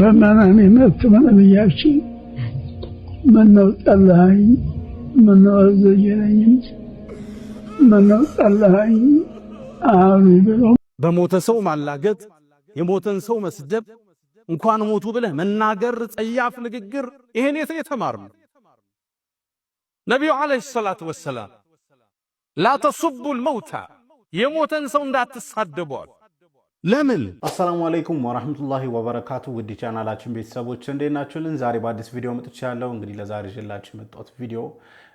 بمنامي مرت من بياشي من الله من الزجرين من الله آمي بلهم بموت سو مع اللاقت يموت سو مسدب وكان موتو بله من ناقر تأياف نقر إهن يسي يتمار نبي عليه الصلاة والسلام لا تصب الموتى يموت سو اندات تصدبوه ለምን አሰላሙ አለይኩም ወራህመቱላሂ ወበረካቱ ውድ ቻናላችን ቤተሰቦች እንዴት ናችሁልን? ዛሬ በአዲስ ቪዲዮ መጥቻለሁ። እንግዲህ ለዛሬ ይዤላችሁ የመጣሁት ቪዲዮ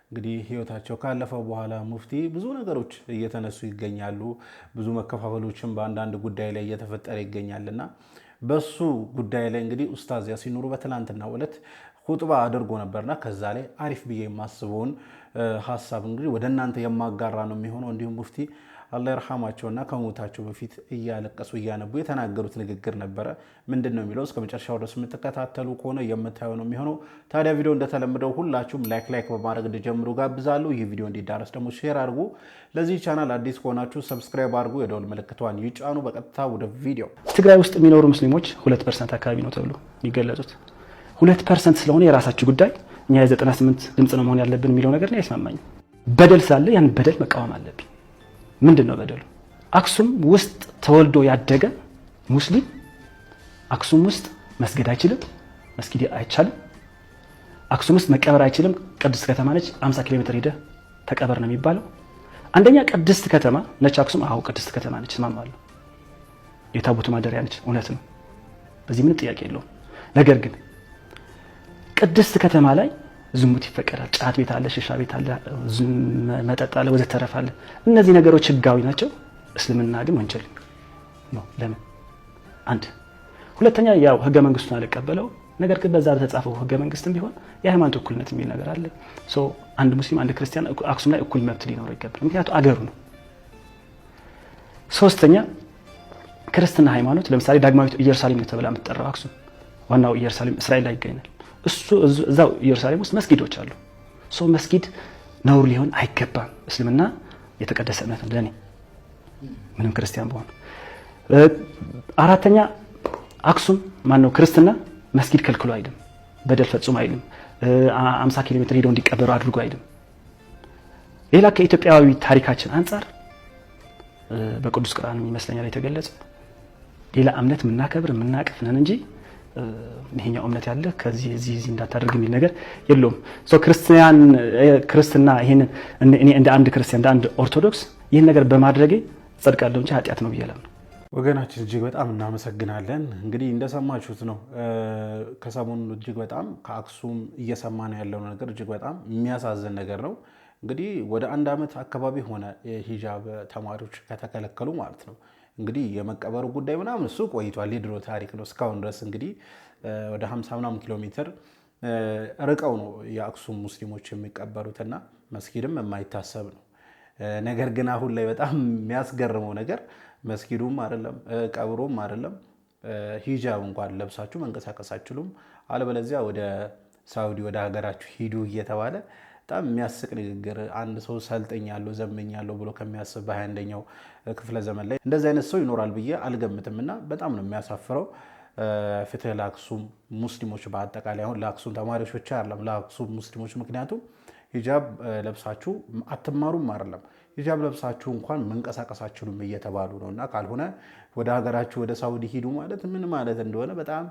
እንግዲህ ህይወታቸው ካለፈ በኋላ ሙፍቲ ብዙ ነገሮች እየተነሱ ይገኛሉ። ብዙ መከፋፈሎችም በአንዳንድ ጉዳይ ላይ እየተፈጠረ ይገኛልና በሱ ጉዳይ ላይ እንግዲህ ኡስታዝ ያሲን ኑሩ በትናንትናው ዕለት ሁጥባ አድርጎ ነበርና ከዛ ላይ አሪፍ ብዬ የማስበውን ሀሳብ እንግዲህ ወደ እናንተ የማጋራ ነው የሚሆነው እንዲሁም ሙፍቲ አላህ ይርሐማቸውና ከሞታቸው በፊት እያለቀሱ እያነቡ የተናገሩት ንግግር ነበረ። ምንድን ነው የሚለው እስከ መጨረሻው ድረስ የምትከታተሉ ከሆነ የምታዩ ነው የሚሆነው። ታዲያ ቪዲዮ እንደተለምደው ሁላችሁም ላይክ ላይክ በማድረግ እንዲጀምሩ ጋብዛለሁ። ይህ ቪዲዮ እንዲዳረስ ደግሞ ሼር አድርጉ። ለዚህ ቻናል አዲስ ከሆናችሁ ሰብስክራይብ አድርጉ፣ የደውል ምልክቷን ይጫኑ። በቀጥታ ወደ ቪዲዮ። ትግራይ ውስጥ የሚኖሩ ሙስሊሞች ሁለት ፐርሰንት አካባቢ ነው ተብሎ የሚገለጹት ሁለት ፐርሰንት ስለሆነ የራሳችሁ ጉዳይ እኛ የ98 ድምፅ ነው መሆን ያለብን የሚለው ነገር ነው አይስማማኝም። በደል ስላለ ያን በደል መቃወም አለብኝ። ምንድን ነው በደሉ? አክሱም ውስጥ ተወልዶ ያደገ ሙስሊም አክሱም ውስጥ መስገድ አይችልም፣ መስጊድ አይቻልም። አክሱም ውስጥ መቀበር አይችልም። ቅድስት ከተማ ነች፣ 50 ኪሎ ሜትር ሄደ ተቀበር ነው የሚባለው። አንደኛ ቅድስት ከተማ ነች አክሱም። አዎ ቅድስት ከተማ ነች፣ እስማማለሁ። የታቦቱ ማደሪያ ነች፣ እውነት ነው። በዚህ ምንም ጥያቄ የለውም። ነገር ግን ቅድስት ከተማ ላይ ዝሙት ይፈቀዳል። ጫት ቤት አለ፣ ሽሻ ቤት አለ፣ መጠጥ አለ፣ ተረፍ አለ። እነዚህ ነገሮች ህጋዊ ናቸው። እስልምና ግን ወንጀል ነው። ለምን? አንድ ሁለተኛ፣ ያው ህገ መንግስቱን አልቀበለው። ነገር ግን በዛ በተጻፈው ህገ መንግስትም ቢሆን የሃይማኖት እኩልነት የሚል ነገር አለ። አንድ ሙስሊም አንድ ክርስቲያን አክሱም ላይ እኩል መብት ሊኖረው ይገባል። ምክንያቱ አገሩ ነው። ሶስተኛ፣ ክርስትና ሃይማኖት ለምሳሌ ዳግማዊት ኢየሩሳሌም ተብላ የምትጠራው አክሱም ዋናው ኢየሩሳሌም እስራኤል ላይ ይገኛል። እሱ እዛው ኢየሩሳሌም ውስጥ መስጊዶች አሉ። ሶ መስጊድ ነውር ሊሆን አይገባም። እስልምና የተቀደሰ እምነት ነው ለእኔ ምንም ክርስቲያን በሆነ። አራተኛ አክሱም ማን ነው ክርስትና መስጊድ ከልክሎ አይልም፣ በደል ፈጽሞ አይልም፣ አምሳ ኪሎ ሜትር ሄደው እንዲቀበሩ አድርጎ አይልም። ሌላ ከኢትዮጵያዊ ታሪካችን አንጻር በቅዱስ ቁርአን ይመስለኛል የተገለጸ ሌላ እምነት የምናከብር የምናቀፍ ነን እንጂ ይሄኛው እምነት ያለ ከዚህ እዚህ እዚህ እንዳታደርግ የሚል ነገር የለውም። ክርስቲያን ክርስትና እኔ እንደ አንድ ክርስቲያን እንደ አንድ ኦርቶዶክስ ይህን ነገር በማድረጌ ጸድቃለሁ እንጂ ኃጢአት ነው ብያለሁ። ወገናችን እጅግ በጣም እናመሰግናለን። እንግዲህ እንደሰማችሁት ነው። ከሰሞኑ እጅግ በጣም ከአክሱም ነው ያለው ነገር እጅግ በጣም የሚያሳዝን ነገር ነው። እንግዲህ ወደ አንድ ዓመት አካባቢ ሆነ የሂጃብ ተማሪዎች ከተከለከሉ ማለት ነው። እንግዲህ የመቀበሩ ጉዳይ ምናምን እሱ ቆይቷል፣ የድሮ ታሪክ ነው። እስካሁን ድረስ እንግዲህ ወደ 50 ምናምን ኪሎ ሜትር ርቀው ነው የአክሱም ሙስሊሞች የሚቀበሩትና መስጊድም የማይታሰብ ነው። ነገር ግን አሁን ላይ በጣም የሚያስገርመው ነገር መስጊዱም አይደለም ቀብሮም አይደለም ሂጃብ እንኳን ለብሳችሁ መንቀሳቀስ አችሉም፣ አለበለዚያ ወደ ሳውዲ ወደ ሀገራችሁ ሂዱ እየተባለ በጣም የሚያስቅ ንግግር አንድ ሰው ሰልጠኛለሁ ዘመኛለሁ ብሎ ከሚያስብ በ21ኛው ክፍለ ዘመን ላይ እንደዚህ አይነት ሰው ይኖራል ብዬ አልገምትም እና በጣም ነው የሚያሳፍረው። ፍትህ ለአክሱም ሙስሊሞች በአጠቃላይ አሁን ለአክሱም ተማሪዎች ብቻ አይደለም፣ ለአክሱም ሙስሊሞች ምክንያቱም ሂጃብ ለብሳችሁ አትማሩም አይደለም ሂጃብ ለብሳችሁ እንኳን መንቀሳቀስ አትችሉም እየተባሉ ነው እና ካልሆነ ወደ ሀገራችሁ ወደ ሳውዲ ሂዱ ማለት ምን ማለት እንደሆነ በጣም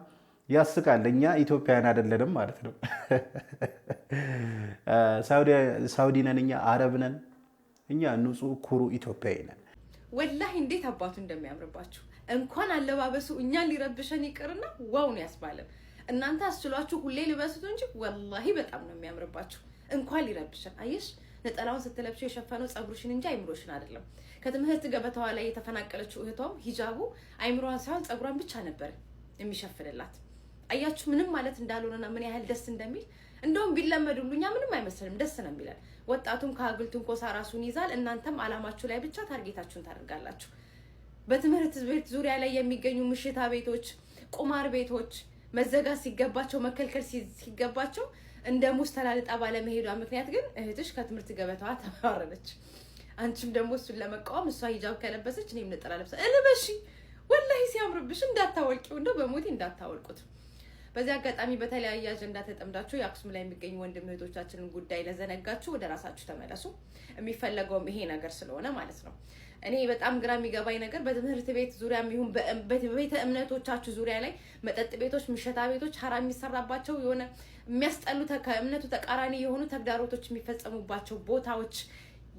ያስቃል። እኛ ኢትዮጵያውያን አይደለንም ማለት ነው። ሳውዲ ነን እኛ፣ አረብ ነን እኛ፣ ንጹህ ኩሩ ኢትዮጵያዊ ነን። ወላሂ እንዴት አባቱ እንደሚያምርባችሁ እንኳን አለባበሱ እኛን ሊረብሸን ይቅርና ዋው ነው ያስባለን። እናንተ አስችሏችሁ ሁሌ ልበሱት እንጂ ወላሂ በጣም ነው የሚያምርባችሁ። እንኳን ሊረብሸን አየሽ ነጠላውን ስትለብሺ የሸፈነው ፀጉርሽን እንጂ አይምሮሽን አይደለም። ከትምህርት ገበታዋ ላይ የተፈናቀለችው እህቷም ሂጃቡ አይምሮዋን ሳይሆን ፀጉሯን ብቻ ነበር የሚሸፍንላት። አያችሁ ምንም ማለት እንዳልሆነና ምን ያህል ደስ እንደሚል እንደውም ቢለመድ ሁሉ እኛ ምንም አይመስልም፣ ደስ ነው የሚለን። ወጣቱም ከአግልቱን ኮሳ ራሱን ይዛል። እናንተም አላማችሁ ላይ ብቻ ታርጌታችሁን ታደርጋላችሁ። በትምህርት ቤት ዙሪያ ላይ የሚገኙ ምሽታ ቤቶች፣ ቁማር ቤቶች መዘጋት ሲገባቸው መከልከል ሲገባቸው እንደ ሙስ ተላልጣ ባለመሄዷ ምክንያት ግን እህትሽ ከትምህርት ገበታዋ ተባረረች። አንቺም ደግሞ እሱን ለመቃወም እሷ ሂጃብ ከለበሰች እኔም ነጠላ ለብሳ እልበሺ ወላሂ ሲያምርብሽ እንዳታወልቂው፣ እንደው በሞቴ እንዳታወልቁት። በዚህ አጋጣሚ በተለያየ አጀንዳ ተጠምዳችሁ የአክሱም ላይ የሚገኙ ወንድም እህቶቻችንን ጉዳይ ለዘነጋችሁ ወደ ራሳችሁ ተመለሱ። የሚፈለገውም ይሄ ነገር ስለሆነ ማለት ነው። እኔ በጣም ግራ የሚገባኝ ነገር በትምህርት ቤት ዙሪያ ይሁን በቤተ እምነቶቻችሁ ዙሪያ ላይ መጠጥ ቤቶች፣ ምሸታ ቤቶች፣ ሀራ የሚሰራባቸው የሆነ የሚያስጠሉ ከእምነቱ ተቃራኒ የሆኑ ተግዳሮቶች የሚፈጸሙባቸው ቦታዎች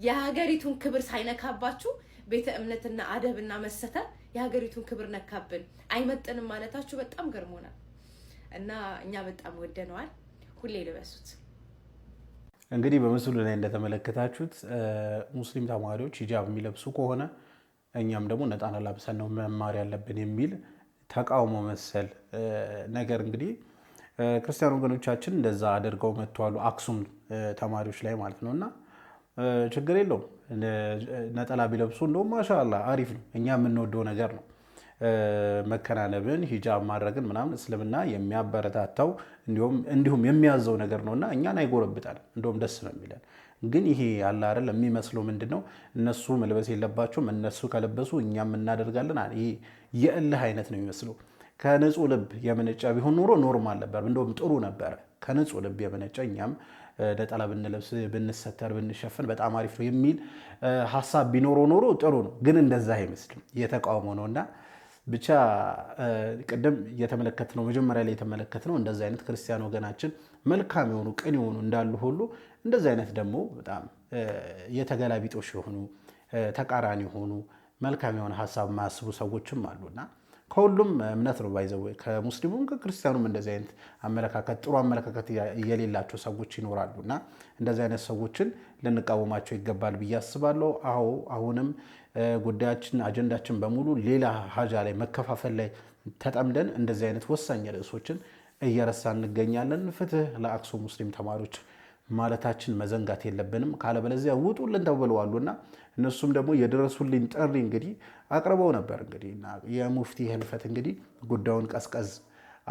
የሀገሪቱን ክብር ሳይነካባችሁ ቤተ እምነትና አደብና መሰተር የሀገሪቱን ክብር ነካብን አይመጥንም ማለታችሁ በጣም ገርሞናል። እና እኛ በጣም ወደነዋል። ሁሌ ልበሱት። እንግዲህ በምስሉ ላይ እንደተመለከታችሁት ሙስሊም ተማሪዎች ሂጃብ የሚለብሱ ከሆነ እኛም ደግሞ ነጣና ላብሰን ነው መማር ያለብን የሚል ተቃውሞ መሰል ነገር እንግዲህ ክርስቲያን ወገኖቻችን እንደዛ አድርገው መጥተዋሉ። አክሱም ተማሪዎች ላይ ማለት ነው እና ችግር የለውም ነጠላ ቢለብሱ እንደውም ማሻላ አሪፍ ነው። እኛ የምንወደው ነገር ነው። መከናነብን ሂጃብ ማድረግን ምናምን እስልምና የሚያበረታታው እንዲሁም የሚያዘው ነገር ነው እና እኛን አይጎረብጣል እንደውም ደስ ነው የሚለን። ግን ይሄ ያለ አይደል የሚመስለው ምንድን ነው እነሱ መልበስ የለባቸውም እነሱ ከለበሱ እኛም እናደርጋለን። ይሄ የእልህ አይነት ነው የሚመስለው። ከንጹህ ልብ የመነጫ ቢሆን ኖሮ ኖርማል ነበር፣ እንደውም ጥሩ ነበረ። ከንጹህ ልብ የመነጫ እኛም ነጠላ ብንለብስ ብንሰተር ብንሸፍን በጣም አሪፍ ነው የሚል ሀሳብ ቢኖረው ኖሮ ጥሩ ነው። ግን እንደዛ አይመስልም፣ የተቃውሞ ነውና ብቻ ቅድም እየተመለከት ነው መጀመሪያ ላይ የተመለከት ነው እንደዚህ አይነት ክርስቲያን ወገናችን መልካም የሆኑ ቅን የሆኑ እንዳሉ ሁሉ እንደዚህ አይነት ደግሞ በጣም የተገላቢጦሽ የሆኑ ተቃራኒ የሆኑ መልካም የሆነ ሀሳብ የማያስቡ ሰዎችም አሉና ከሁሉም እምነት ነው ባይዘው ከሙስሊሙም ከክርስቲያኑም እንደዚህ አይነት አመለካከት ጥሩ አመለካከት የሌላቸው ሰዎች እና እንደዚህ አይነት ሰዎችን ልንቃወማቸው ይገባል ብዬ አስባለሁ። አዎ አሁንም ጉዳያችን አጀንዳችን በሙሉ ሌላ ሀጃ ላይ መከፋፈል ላይ ተጠምደን እንደዚህ አይነት ወሳኝ ርዕሶችን እየረሳ እንገኛለን። ፍትህ ለአክሱም ሙስሊም ተማሪዎች ማለታችን መዘንጋት የለብንም። ካለበለዚያ ውጡልን ተብለዋሉና እነሱም ደግሞ የደረሱልኝ ጥሪ እንግዲህ አቅርበው ነበር። እንግዲህ የሙፍቲ ህልፈት እንግዲህ ጉዳዩን ቀዝቀዝ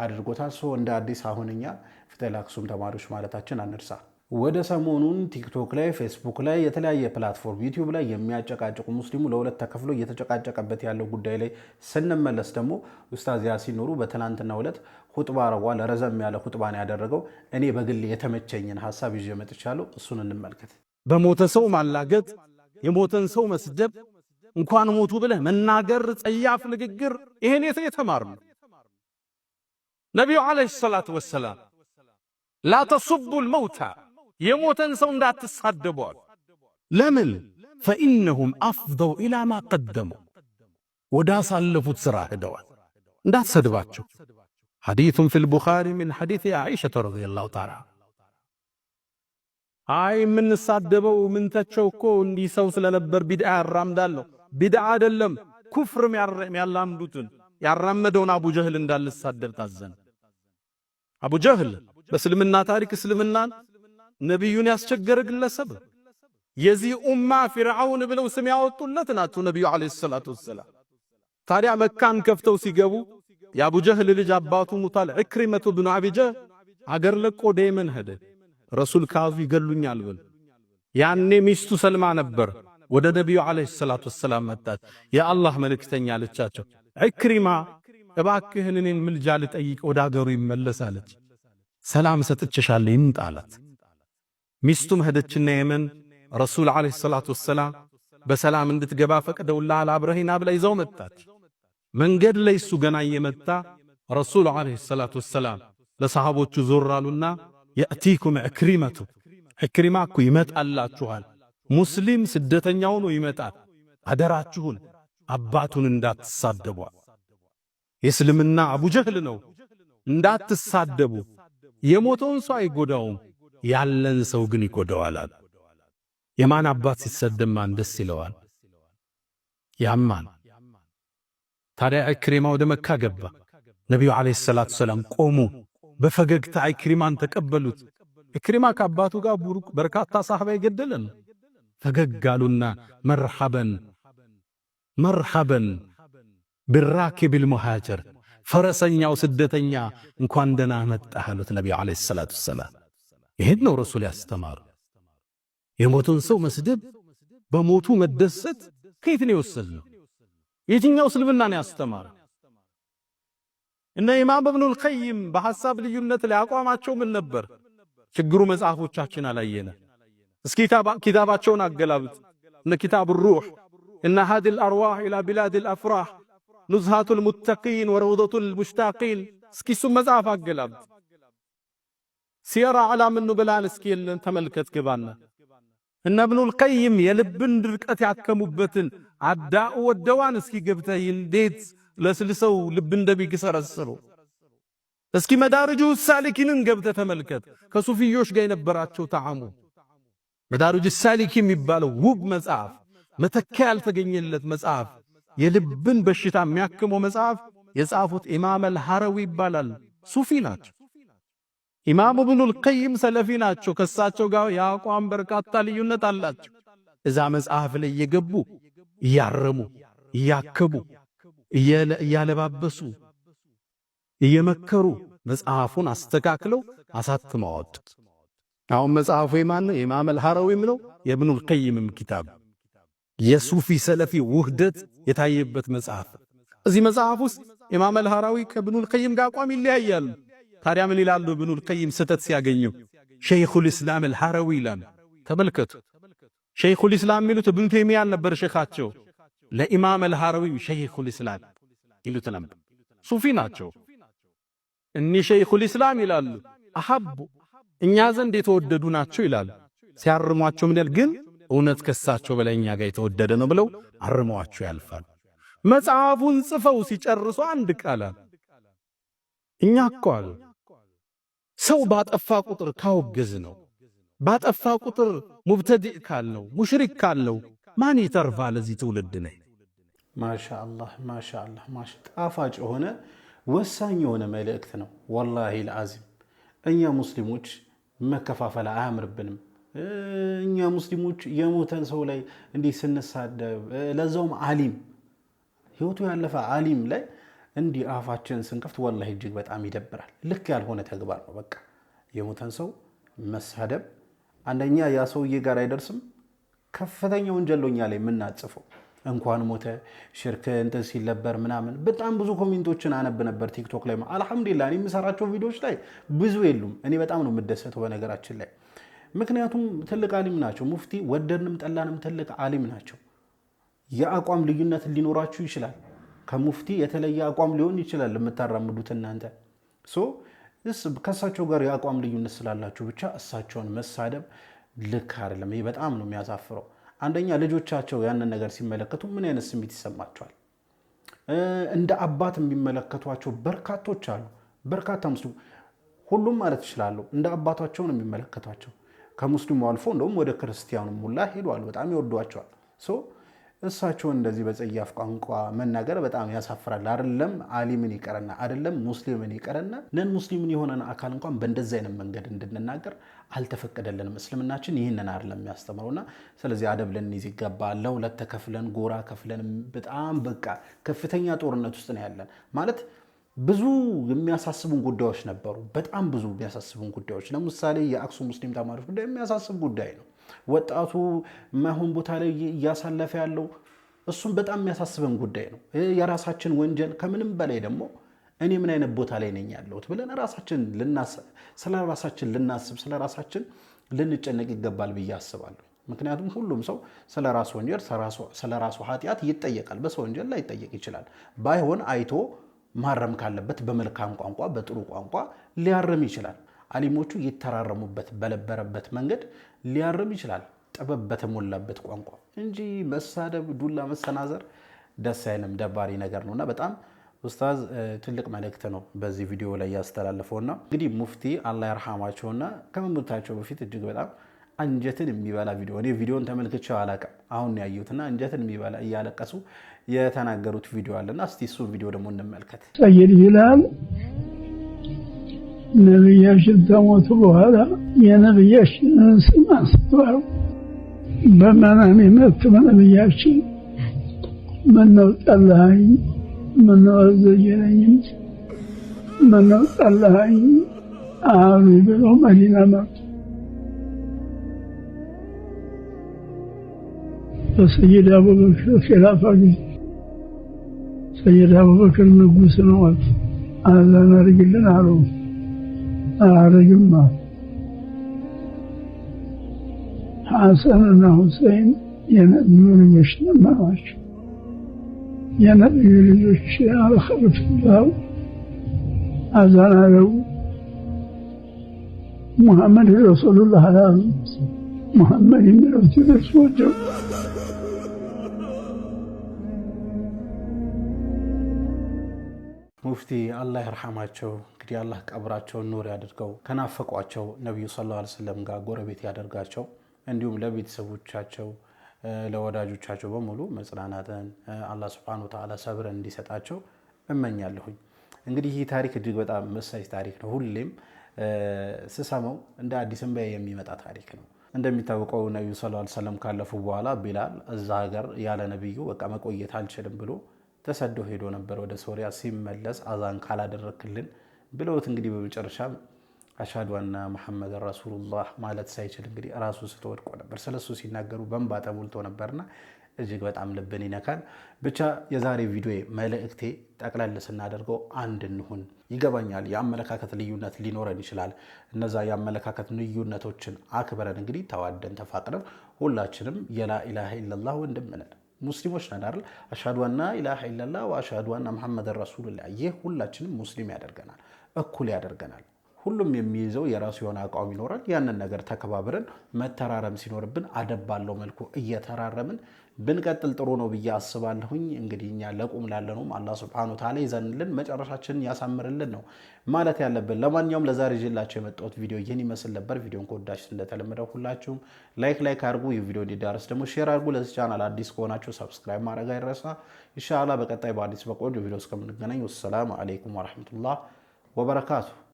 አድርጎታል። እንደ አዲስ አሁንኛ ፍትህ ለአክሱም ተማሪዎች ማለታችን አንርሳ። ወደ ሰሞኑን ቲክቶክ ላይ፣ ፌስቡክ ላይ፣ የተለያየ ፕላትፎርም ዩቲዩብ ላይ የሚያጨቃጭቁ ሙስሊሙ ለሁለት ተከፍሎ እየተጨቃጨቀበት ያለው ጉዳይ ላይ ስንመለስ ደግሞ ኡስታዝ ያሲን ኑሩ በትናንትናው ዕለት ሁጥባ አድርጓል። ረዘም ያለ ሁጥባ ነው ያደረገው። እኔ በግል የተመቸኝን ሀሳብ ይዤ መጥቻለሁ። እሱን እንመልከት። በሞተ ሰው ማላገጥ፣ የሞተን ሰው መስደብ፣ እንኳን ሞቱ ብለህ መናገር፣ ጸያፍ ንግግር። ይሄን የት የተማርነው? ነቢዩ ዓለይሂ ሰላቱ ወሰላም ላ ተሱቡ ልመውታ የሞተን ሰው እንዳትሳደቧል። ለምን ፈኢነሁም አፍደው ኢላ ማ ቀደሙ ወደ አሳለፉት ሥራ ሄደዋል። እንዳትሰድባቸው። ሐዲቱን ፊል ቡኻሪ ምን ሐዲት ዓኢሸተ ረዲየላሁ ተዓላ አይ የምንሳደበው ምንተቸው እኮ እንዲህ ሰው ስለነበር ቢድዓ ያራምዳለሁ። ቢድዓ አይደለም ኩፍርም ያላምዱትን ያራመደውን አቡ ጀህል እንዳልሳደብ ታዘን። አቡ ጀህል በእስልምና ታሪክ እስልምናን ነቢዩን ያስቸገረ ግለሰብ የዚህ ኡማ ፊርዓውን ብለው ስም ያወጡለት ናቸው ነቢዩ ዓለይሂ ሰላቱ ወሰላም። ታዲያ መካን ከፍተው ሲገቡ የአቡጀህል ልጅ አባቱ ሙታል ዕክሪመቱ ብኑ አቢጀህ አገር ለቆ ወደ የመን ሄደ። ረሱል ካዙ ይገሉኛል ብሎ ያኔ ሚስቱ ሰልማ ነበር። ወደ ነቢዩ ዓለይሂ ሰላቱ ወሰላም መጣች። የአላህ መልእክተኛ አለቻቸው፣ ዕክሪማ እባክህን እኔን ምልጃ ልጠይቅ ወደ አገሩ ይመለሳለች። ሰላም ሰጥቼሻለሁ ይምጣላት ሚስቱም ሄደችና የመን ረሱል ዓለይሂ ሰላቱ ወሰላም በሰላም እንድትገባ ፈቅደውልሃል አብረሂና ብላ ይዘው መጣች። መንገድ ላይ እሱ ገና እየመጣ ረሱል ዓለይሂ ሰላቱ ወሰላም ለሰሃቦቹ ዞር አሉና የእቲኩም ዕክሪመቱ ዕክሪማ እኮ ይመጣላችኋል። ሙስሊም ስደተኛ ሆኖ ይመጣል። አደራችሁን አባቱን እንዳትሳደቧል። የእስልምና አቡጀህል ነው። እንዳትሳደቡ የሞተውን ሰው አይጎዳውም። ያለን ሰው ግን ይጎደዋል አለ። የማን አባት ሲሰደብ ማን ደስ ይለዋል? ያማን። ታዲያ ኢክሪማ ወደ መካ ገባ። ነቢዩ ዓለይሂ ሰላቱ ሰላም ቆሙ። በፈገግታ ኢክሪማን ተቀበሉት። ኢክሪማ ከአባቱ ጋር ቡሩቅ በርካታ ሳህባ የገደለ ነው። ፈገግ አሉና መርሐበን መርሐበን ቢራኪቢል ሙሃጀር፣ ፈረሰኛው ስደተኛ እንኳን ደና መጣህ አሉት ነቢዩ ዓለይሂ ሰላቱ ሰላም ይሄን ነው ረሱል ያስተማሩ። የሞትን ሰው መስደብ፣ በሞቱ መደሰት ከየት ነው የወሰድነው? የትኛው እስልምና ነው ያስተማረ? እነ ኢማም እብኑል ቀይም በሐሳብ ልዩነት ላይ አቋማቸው ምን ነበር? ችግሩ መጽሐፎቻችን አላየነ። እስኪ ኪታባቸውን አገላብጥ። እነ ኪታብ ሩህ እና ሃዲል አርዋህ ኢላ ቢላዲል አፍራህ ኑዝሃቱል ሙተቂን ወረውደቱል ሙሽታቂን። እስኪ እሱም መጽሐፍ አገላብጥ ሲራ አላምኑ ብላን እስኪ የለን ተመልከት ግባና እነ እብኑል ቀይም የልብን ድርቀት ያከሙበትን አዳኡ ወደዋን እስኪ ገብተህ እንዴት ለስልሰው ልብ እንደሚገሰረስሩ እስኪ መዳርጁ ሳሊኪንን ገብተህ ተመልከት። ከሱፊዮች ጋር የነበራቸው ተዓሙ መዳርጁ ሳሊኪ የሚባለው ውብ መጽሐፍ፣ መተካ ያልተገኘለት መጽሐፍ፣ የልብን በሽታ የሚያክመው መጽሐፍ የጻፉት ኢማም አልሐረዊ ይባላል። ሱፊ ናቸው። ኢማሙ ብኑል ቀይም ሰለፊ ናቸው። ከሳቸው ጋር የአቋም በርካታ ልዩነት አላቸው። እዛ መጽሐፍ ላይ እየገቡ እያረሙ እያከቡ እያለባበሱ እየመከሩ መጽሐፉን አስተካክለው አሳትመው አሁን መጽሐፉ የማን ነው? የኢማም አልሐራዊም ነው። የብኑል ቀይምም ኪታብ የሱፊ ሰለፊ ውህደት የታየበት መጽሐፍ። እዚህ መጽሐፍ ውስጥ ኢማም አልሐራዊ ከብኑል ቀይም ጋር አቋም ይለያያሉ። ታዲያ ምን ይላሉ? ብኑል ቀይም ስህተት ሲያገኙ ሸይኹል ኢስላም አልሐረዊ ይላሉ። ተመልከቱ፣ ሸይኹል ኢስላም የሚሉት ብኑ ተይሚያ ነበር። ሸኻቸው፣ ለኢማም አልሐረዊ ሸይኹል ኢስላም ይሉት ነበር። ሱፊ ናቸው። እኒህ ሸይኹል ኢስላም ይላሉ አሐቡ እኛ ዘንድ የተወደዱ ናቸው ይላሉ። ሲያርሟቸው ምን ያል ግን እውነት ከሳቸው በላይ እኛ ጋር የተወደደ ነው ብለው አርመዋቸው ያልፋል። መጽሐፉን ጽፈው ሲጨርሱ አንድ ቃል አለ እኛ እኮ አሉ ሰው ባጠፋ ቁጥር ካወገዝ ነው። ባጠፋ ቁጥር ሙብተዲዕ ካልነው ሙሽሪክ ካልነው ማን ይተርፋል? እዚህ ትውልድ ነይ። ማሻአላህ ማሻአላህ ማሻ ጣፋጭ የሆነ ወሳኝ የሆነ መልእክት ነው። ወላሂ ልዓዚም እኛ ሙስሊሞች መከፋፈል አያምርብንም። እኛ ሙስሊሞች የሞተን ሰው ላይ እንዲህ ስንሳደብ፣ ለዛውም አሊም ህይወቱ ያለፈ አሊም ላይ እንዲህ አፋችን ስንከፍት ወላሂ እጅግ በጣም ይደብራል። ልክ ያልሆነ ተግባር ነው። በቃ የሞተን ሰው መሳደብ አንደኛ ያ ሰውዬ ጋር አይደርስም። ከፍተኛ ወንጀሎኛ ላይ የምናጽፈው እንኳን ሞተ ሽርክ እንትን ሲለበር ምናምን በጣም ብዙ ኮሜንቶችን አነብ ነበር ቲክቶክ ላይ። አልሐምዱሊላህ እኔ የምሰራቸው ቪዲዮዎች ላይ ብዙ የሉም። እኔ በጣም ነው የምደሰተው በነገራችን ላይ ምክንያቱም ትልቅ አሊም ናቸው። ሙፍቲ ወደድንም ጠላንም ትልቅ አሊም ናቸው። የአቋም ልዩነት ሊኖራችሁ ይችላል። ከሙፍቲ የተለየ አቋም ሊሆን ይችላል የምታራምዱት እናንተ ከእሳቸው ጋር የአቋም ልዩነት ስላላችሁ ብቻ እሳቸውን መሳደብ ልክ አይደለም። ይህ በጣም ነው የሚያሳፍረው። አንደኛ ልጆቻቸው ያንን ነገር ሲመለከቱ ምን አይነት ስሜት ይሰማቸዋል? እንደ አባት የሚመለከቷቸው በርካቶች አሉ። በርካታ ሙስሊም ሁሉም ማለት ይችላለሁ እንደ አባታቸው ነው የሚመለከቷቸው። ከሙስሊሙ አልፎ እንደውም ወደ ክርስቲያኑ ሙላ ሄዷል። በጣም ይወዷቸዋል። እሳቸው እንደዚህ በፀያፍ ቋንቋ መናገር በጣም ያሳፍራል። አይደለም አሊ ምን ይቀርና አይደለም ሙስሊምን ይቀርና ነን ሙስሊምን የሆነን አካል እንኳን በእንደዚህ አይነት መንገድ እንድንናገር አልተፈቀደልንም። እስልምናችን ይህንን አይደለም የሚያስተምረውና ስለዚህ አደብ ልንይዝ ይገባል። ለሁለት ተከፍለን ጎራ ከፍለን በጣም በቃ ከፍተኛ ጦርነት ውስጥ ነው ያለን ማለት ብዙ የሚያሳስቡን ጉዳዮች ነበሩ። በጣም ብዙ የሚያሳስቡን ጉዳዮች ለምሳሌ የአክሱም ሙስሊም ተማሪዎች ጉዳይ የሚያሳስብ ጉዳይ ነው። ወጣቱ ማይሆን ቦታ ላይ እያሳለፈ ያለው እሱም በጣም የሚያሳስበን ጉዳይ ነው። የራሳችን ወንጀል ከምንም በላይ ደግሞ እኔ ምን አይነት ቦታ ላይ ነኝ ያለሁት ብለን ራሳችን ስለ ራሳችን ልናስብ ስለ ራሳችን ልንጨነቅ ይገባል ብዬ አስባለሁ። ምክንያቱም ሁሉም ሰው ስለ ራሱ ወንጀል ስለ ራሱ ኃጢአት ይጠየቃል። በሰው ወንጀል ላይ ይጠየቅ ይችላል። ባይሆን አይቶ ማረም ካለበት በመልካም ቋንቋ፣ በጥሩ ቋንቋ ሊያርም ይችላል። አሊሞቹ ይተራረሙበት በነበረበት መንገድ ሊያርም ይችላል ጥበብ በተሞላበት ቋንቋ እንጂ መሳደብ፣ ዱላ መሰናዘር ደስ አይልም፣ ደባሪ ነገር ነው እና በጣም ኡስታዝ ትልቅ መልእክት ነው በዚህ ቪዲዮ ላይ ያስተላለፈውና እንግዲህ ሙፍቲ አላህ ያርሃማቸውና ከመሞታቸው በፊት እጅግ በጣም አንጀትን የሚበላ ቪዲዮ እኔ ቪዲዮን ተመልክቼው አላውቅም፣ አሁን ያየሁትና አንጀትን የሚበላ እያለቀሱ የተናገሩት ቪዲዮ አለና እስቲ እሱን ቪዲዮ ደግሞ እንመልከት። ሰይድ ይላል نبياش تموتوا هذا يا نبياش ما ستوارو بما نامي مت ما نبياش من الله من أزجرين من الله آمي أهلنا مات فسيد أبو بكر خلافة سيد أبو بكر نقوس نوات هذا نرجل نعلم عليهما حسن الحسين ينبون يشتم عاش ينبون يشتم على خلف الله أزال له محمد رسول الله محمد من رسول الله مفتي الله يرحمه እንግዲህ አላህ ቀብራቸውን ኑር ያድርገው። ከናፈቋቸው ነቢዩ ሰለላሁ ዐለይሂ ወሰለም ጋር ጎረቤት ያደርጋቸው። እንዲሁም ለቤተሰቦቻቸው ለወዳጆቻቸው በሙሉ መጽናናትን አላህ ሱብሓነሁ ወተዓላ ሰብረን እንዲሰጣቸው እመኛለሁኝ። እንግዲህ ይህ ታሪክ እጅግ በጣም መሳጭ ታሪክ ነው። ሁሌም ስሰማው እንደ አዲስ እንባ የሚመጣ ታሪክ ነው። እንደሚታወቀው ነቢዩ ሰለላሁ ዐለይሂ ወሰለም ካለፉ በኋላ ቢላል እዛ ሀገር ያለ ነቢዩ በቃ መቆየት አልችልም ብሎ ተሰዶ ሄዶ ነበር ወደ ሶሪያ። ሲመለስ አዛን ካላደረክልን ብለውት እንግዲህ በመጨረሻም አሻዱ አና ሙሐመድን ረሱሉላህ ማለት ሳይችል እንግዲህ ራሱ ስተወድቆ ነበር። ስለሱ ሲናገሩ በእንባ ተሞልቶ ነበርና እጅግ በጣም ልብን ይነካል። ብቻ የዛሬ ቪዲዮ መልእክቴ ጠቅለል ስናደርገው አንድ እንሁን። ይገባኛል፣ የአመለካከት ልዩነት ሊኖረን ይችላል። እነዛ የአመለካከት ልዩነቶችን አክብረን እንግዲህ ተዋደን ተፋቅረን ሁላችንም የላኢላሃ ኢለላህ ወንድም ነን። ሙስሊሞች ነን አይደል? አሽሀዱ አና ኢላሃ ኢለላህ ወአሽሀዱ አና መሐመድ ረሱሉላህ። ይህ ሁላችንም ሙስሊም ያደርገናል፣ እኩል ያደርገናል። ሁሉም የሚይዘው የራሱ የሆነ አቋም ይኖራል። ያንን ነገር ተከባብረን መተራረም ሲኖርብን አደብ ባለው መልኩ እየተራረምን ብንቀጥል ጥሩ ነው ብዬ አስባለሁኝ። እንግዲህ እኛ ለቁም ላለነውም አላህ ሱብሐነሁ ወተዓላ ይዘንልን መጨረሻችንን ያሳምርልን ነው ማለት ያለብን። ለማንኛውም ለዛሬ ይዤላቸው የመጣሁት ቪዲዮ ይህን ይመስል ነበር። ቪዲዮን ከወዳች እንደተለመደው ሁላችሁም ላይክ ላይክ አድርጉ። ይህ ቪዲዮ እንዲዳርስ ደግሞ ሼር አድርጉ። ለዚህ ቻናል አዲስ ከሆናችሁ ሰብስክራይብ ማድረግ አይረሳ። ኢንሻላህ በቀጣይ በአዲስ በቆንጆ ቪዲዮ እስከምንገናኝ ወሰላሙ አሌይኩም ወረሕመቱላህ ወበረካቱ